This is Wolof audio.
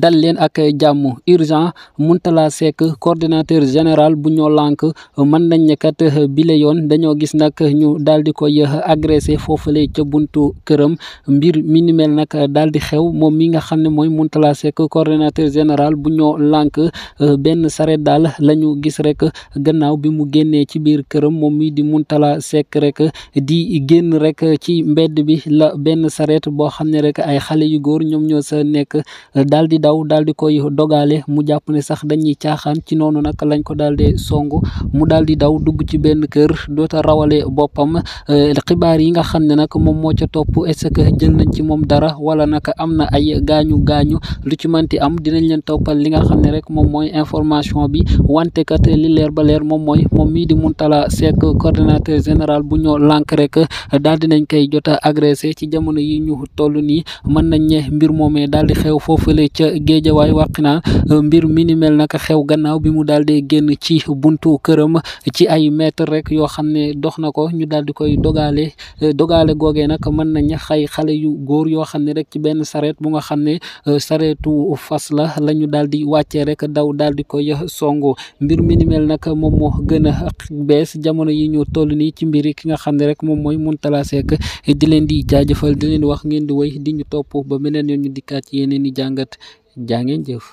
dal leen ak jàmm urgent la Seck coordinateur général bu ñoo lank mën nañ ne kat bile yoon dañoo gis nag ñu dal di ko koy foofu foofule ca buntu këram mbir mi ni mel nag daal di xew moom mi nga xam ne mooy Mourtalla Seck koordinateur général bu ñoo lànk benn saret dal lañu gis rek gannaaw bi mu génnee ci biir këram moom mi di Mourtalla Seck rek di génn rek ci mbedd bi la benn saret boo xam ne rek ay xale yu góor ñoom ñoo sa nekk daal di daw daal di koy dogaale mu jàpp ne sax dañuy caaxaan ci noonu nag lañ ko daal di mu daal di daw dugg ci benn kër doota rawale boppam eh, xibaar yi nga xam ne nag moom moo ca topp est-ce jël nañ ci moom dara wala nag am na ay gaañu gaañu lu ci manti am dinañ leen toppal li nga xam ne rek moom mooy information bi wante kat li leer ba leer moom mooy moom mii di Moutalla Seck coordinateur général bu ñoo lànk rek daal nañ koy jot a ci jamono yi ñu toll nii mën géejawaay wàq naa mbir minimel ni naka xew gannaaw bi mu daal di génn ci buntu këram ci ay mètre rek yoo xam ne dox na ko ñu daal di koy dogale dogaale googee nag mën nañ xay xale yu góor yoo xam ne rek ci benn sareet bu nga xam ne sareetu fas la lañu ñu daal di wàccee rek daw daal di koy songo mbir mi ni mel nag moom moo gën a bees jamono yi ñu toll nii ci mbir yi ki nga xam ne rek moom mooy Mourtalla Seck di leen di jaajëfal di leen wax ngeen di wéy di ñu topp ba beneen yoon ñu dikkaat yeneen i jàngat jaa ngeen jëf.